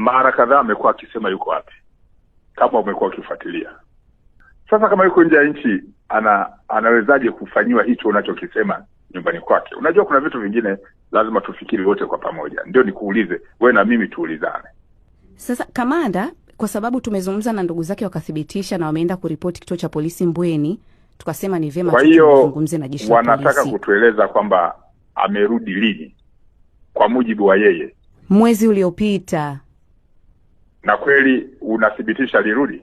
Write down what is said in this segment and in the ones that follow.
mara kadhaa amekuwa akisema yuko wapi, kama umekuwa ukifuatilia. Sasa kama yuko nje ya nchi, ana anawezaje kufanyiwa hicho unachokisema nyumbani kwake? Unajua, kuna vitu vingine lazima tufikiri wote kwa pamoja. Ndio nikuulize wewe na mimi tuulizane sasa, kamanda, kwa sababu tumezungumza na ndugu zake wakathibitisha, na wameenda kuripoti kituo cha polisi Mbweni, tukasema ni vyema tuzungumze na jeshi la polisi. Wanataka kutueleza kwamba amerudi lini, kwa mujibu wa yeye, mwezi uliopita na kweli unathibitisha lirudi?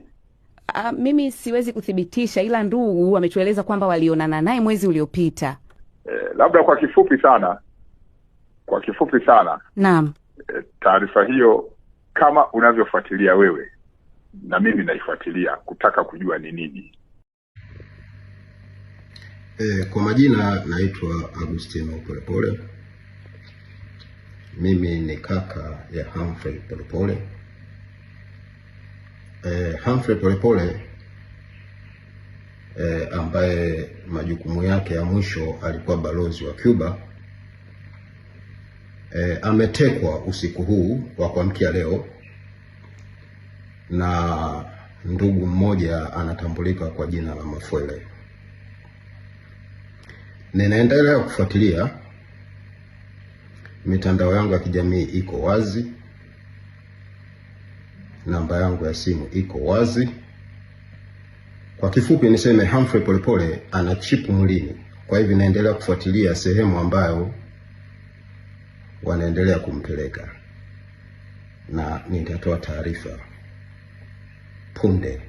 Uh, mimi siwezi kuthibitisha, ila ndugu wametueleza kwamba walionana naye mwezi uliopita. e, labda kwa kifupi sana, kwa kifupi sana. Naam. e, taarifa hiyo kama unavyofuatilia wewe na mimi naifuatilia kutaka kujua ni nini. e, kwa majina naitwa Agustino Polepole. Mimi ni kaka ya Humphrey Polepole eh, Humphrey Polepole eh, ambaye majukumu yake ya mwisho alikuwa balozi wa Cuba eh, ametekwa usiku huu wa kuamkia leo na ndugu mmoja anatambulika kwa jina la Mafwele. Ninaendelea kufuatilia mitandao yangu ya kijamii iko wazi namba yangu ya simu iko wazi. Kwa kifupi niseme Humphrey Polepole ana chipu mwilini, kwa hivyo naendelea kufuatilia sehemu ambayo wanaendelea kumpeleka na nitatoa taarifa punde.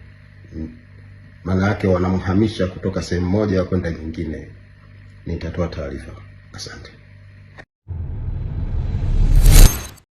Maana yake wanamhamisha kutoka sehemu moja kwenda nyingine. Nitatoa taarifa. Asante.